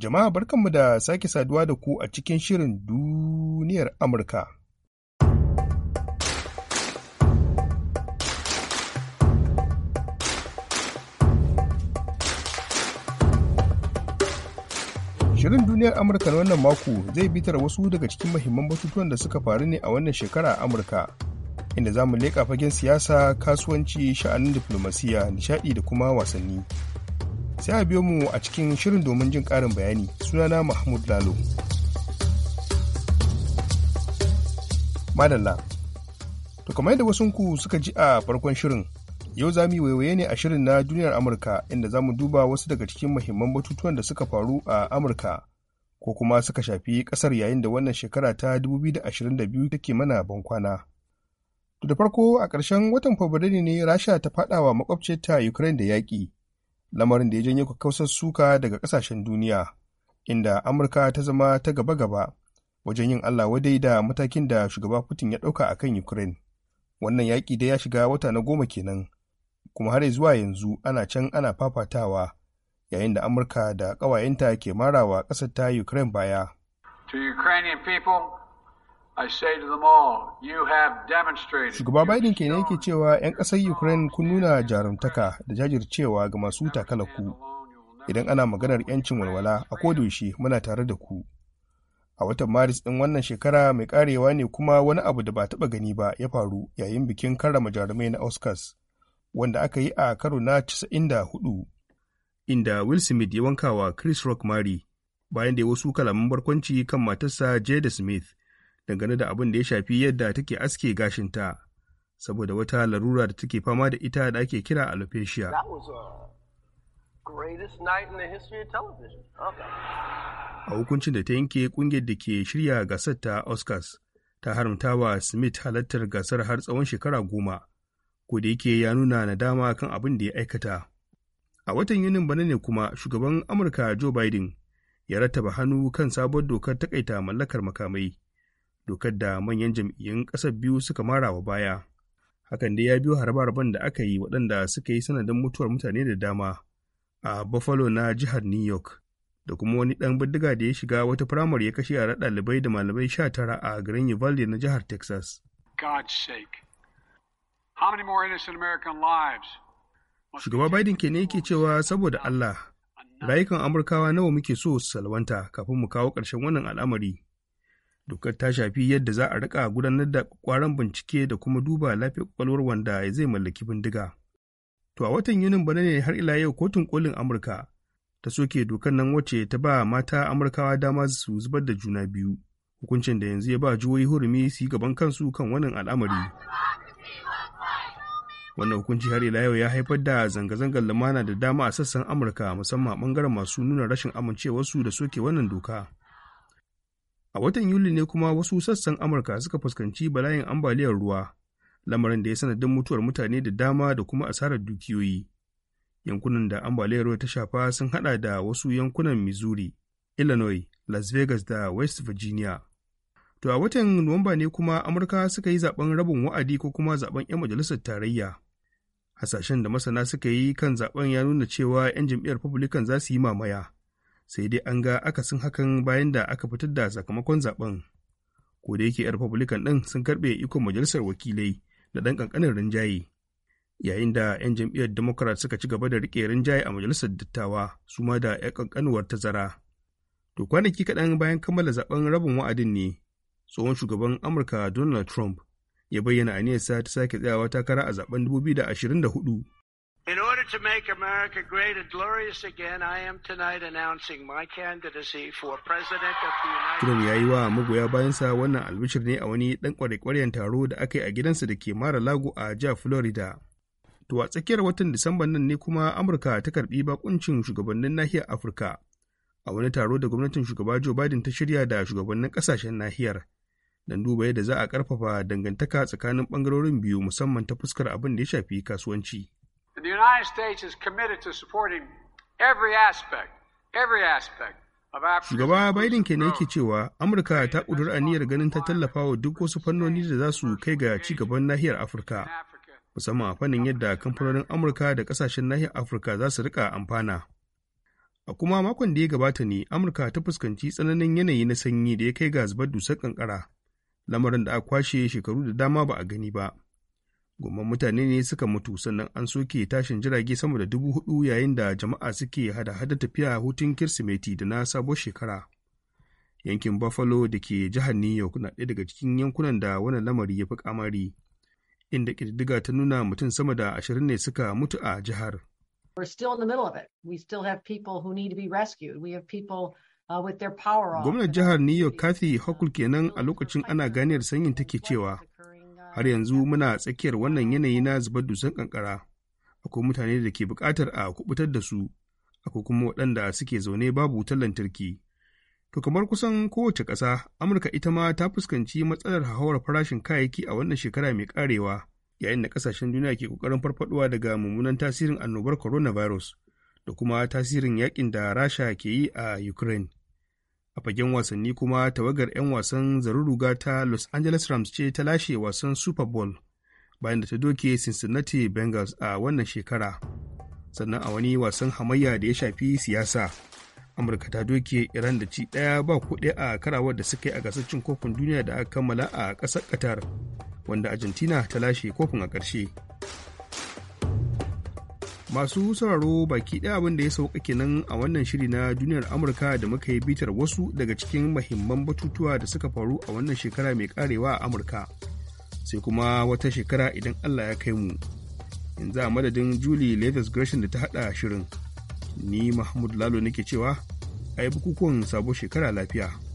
Jama'a barkanmu da sake saduwa da ku a cikin shirin duniyar Amurka. Shirin duniyar Amurka na wannan mako zai bitar wasu daga cikin mahimman batutuwan da suka faru ne a wannan shekara a Amurka, inda za mu leƙa fagen siyasa, kasuwanci, sha'anin diflomasiya, nishaɗi da kuma wasanni. sai a biyo mu a cikin shirin domin jin ƙarin bayani sunana mahmud lalo madalla to kamar yadda wasu ku suka ji a farkon shirin yau za waiwaye ne a shirin na duniyar amurka inda za mu duba wasu daga cikin mahimman batutuwan da suka faru a amurka ko kuma suka shafi kasar yayin da wannan shekara ta 2022 take mana bankwana. To da farko a ƙarshen watan Fabrairu ne Rasha ta faɗawa makwabcinta Ukraine da yaƙi, lamarin da ya janyo kakkausar suka daga ƙasashen duniya inda amurka ta zama ta gaba-gaba wajen yin allah wadai da matakin da shugaba putin ya ɗauka a kan ukraine wannan yaƙi da ya shiga wata na goma kenan kuma har zuwa yanzu ana can ana fafatawa yayin da amurka da ƙawayenta ke marawa ƙasar ta ukraine baya to ukrainian people Shugaba Biden kenan yake cewa 'yan ƙasar Ukraine kun nuna jarumtaka da jajircewa ga masu takalaku Idan ana maganar 'yancin walwala a kodayaushe muna tare da ku. A watan Maris ɗin wannan shekara mai karewa ne kuma wani abu da ba taɓa gani ba ya faru yayin bikin karrama jarumai na Oscars, wanda aka yi a karo na 94, inda Will Smith ya wankawa Chris Rock Mari bayan da wasu kalaman barkwanci kan matarsa Jada Smith. dangane da abin da ya shafi yadda take aske gashinta saboda wata larura da take fama da ita da ake kira alopecia. A hukuncin da ta yanke kungiyar da ke shirya gasar ta Oscars ta haramta wa Smith halartar gasar har tsawon shekara goma, ko da yake ya nuna nadama kan abin da ya aikata. A watan Yunin bana ne kuma shugaban Amurka Joe Biden ya rattaba hannu kan sabon dokar takaita mallakar makamai. dokar da manyan jam'iyyun ƙasar biyu suka mara wa baya hakan dai ya biyo harbe-harben da aka yi waɗanda suka yi sanadin mutuwar mutane da dama a buffalo na jihar new york da kuma wani ɗan bindiga da ya shiga wata firamare ya kashe yara ɗalibai da malamai sha tara a garin uvalde na jihar texas shugaba biden ke ne yake cewa saboda allah rayukan amurkawa nawa muke so su salwanta kafin mu kawo ƙarshen wannan al'amari dokar ta shafi yadda za a rika gudanar da kwaran bincike da kuma duba lafiyar kwakwalwar wanda zai mallaki bindiga to a watan yunin bana ne har ila yau kotun kolin amurka ta soke dokar nan wacce ta ba mata amurkawa dama su zubar da juna biyu hukuncin da yanzu ya ba jihohi hurumi su yi gaban kansu kan wannan al'amari wannan hukunci har ila yau ya haifar da zanga-zangar lumana da dama a sassan amurka musamman bangaren masu nuna rashin amincewarsu da soke wannan doka A watan Yuli ne kuma wasu sassan Amurka suka fuskanci bala'in ambaliyar ruwa, lamarin da ya sanadin mutuwar mutane da dama da kuma asarar dukiyoyi. Yankunan da ambaliyar ruwa ta shafa sun hada da wasu yankunan Missouri, Illinois, Las Vegas da West Virginia. To a watan Nuwamba ne kuma Amurka suka yi zaben rabin wa'adi ko kuma zaben 'yan majalisar tarayya. Hasashen da masana suka yi kan zaben ya nuna cewa 'yan jam'iyyar Republican za su yi mamaya. sai dai an ga akasin hakan bayan da aka fitar da sakamakon zaben ko da yake republican ɗin sun karɓe ikon majalisar wakilai da ɗan ƙanƙanin rinjaye yayin da 'yan jam'iyyar democrat suka ci gaba da riƙe rinjaye a majalisar dattawa su ma da 'yan ƙanƙanuwar tazara to kwanaki kaɗan bayan kammala zaben rabin wa'adin ne tsohon shugaban amurka donald trump ya bayyana a aniyarsa ta sake tsayawa takara a zaben 2024 In order to make America great and glorious again, I am tonight announcing my candidacy for President of the United States. Trump ya yi wa magoya bayansa wannan albishir ne a wani ɗan ƙware-ƙwaren taro da aka yi a gidansa da ke mara lago a jihar Florida. To a tsakiyar watan Disamba nan ne kuma Amurka ta karɓi bakuncin shugabannin nahiyar Afirka a wani taro da gwamnatin shugaba Joe Biden ta shirya da shugabannin ƙasashen nahiyar. Don duba yadda za a ƙarfafa dangantaka tsakanin ɓangarorin biyu musamman ta fuskar abin da ya shafi kasuwanci. And the United States is committed to supporting every aspect, every aspect Shugaba Biden ke yake cewa Amurka ta ƙudur aniyar ganin ta tallafa wa duk wasu fannoni da za su kai ga ci gaban nahiyar Afirka, musamman a fannin yadda kamfanonin Amurka da ƙasashen nahiyar Afirka za su rika amfana. A kuma makon da ya gabata ne Amurka ta fuskanci tsananin yanayi na sanyi da ya kai ga zubar dusar kankara, lamarin da a kwashe shekaru da dama ba a gani ba. goma mutane ne suka mutu sannan an soke tashin jirage sama da dubu hudu yayin da jama'a suke hada-hada tafiya hutun kirsimeti da na sabon shekara yankin buffalo da ke jihar new york na ɗaya daga cikin yankunan da wannan lamari ya fi kamari inda ƙididdiga ta nuna mutum sama da ashirin ne suka mutu a jihar uh, Gwamnan jihar New York Kathy Hochul kenan a lokacin ana ganiyar sanyin take cewa har yanzu muna tsakiyar wannan yanayi na zubar dusan kankara akwai mutane da ke bukatar a kubutar da su akwai kuma waɗanda suke zaune babu wutar lantarki to kamar kusan kowace ƙasa amurka ita ma ta fuskanci matsalar hauhawar farashin kayayyaki a wannan shekara mai karewa yayin da ƙasashen duniya ke ƙoƙarin farfaɗowa daga mummunan tasirin annobar coronavirus da kuma tasirin yakin da rasha ke yi a ukraine a fagen wasanni kuma tawagar 'yan wasan zaruruga ta los angeles rams ce ta lashe wasan super bowl bayan da ta doke cincinnati bengals a wannan shekara sannan a wani wasan hamayya da ya shafi siyasa amurka ta doke iran da ci ɗaya ba kuɗi a karawar da suka yi a gasar cin kofin duniya da aka kammala a ƙasar qatar wanda argentina ta lashe kofin a ƙarshe masu sauraro baki ɗaya abin da ya sauka kenan a wannan shiri na duniyar amurka da muka yi bitar wasu daga cikin mahimman batutuwa da suka faru a wannan shekara mai karewa a amurka sai kuma wata shekara idan allah ya kai mu yanzu a madadin julie levis gershon da ta hada shirin ni mahmud lalo nake cewa a yi bukukuwan sabon shekara lafiya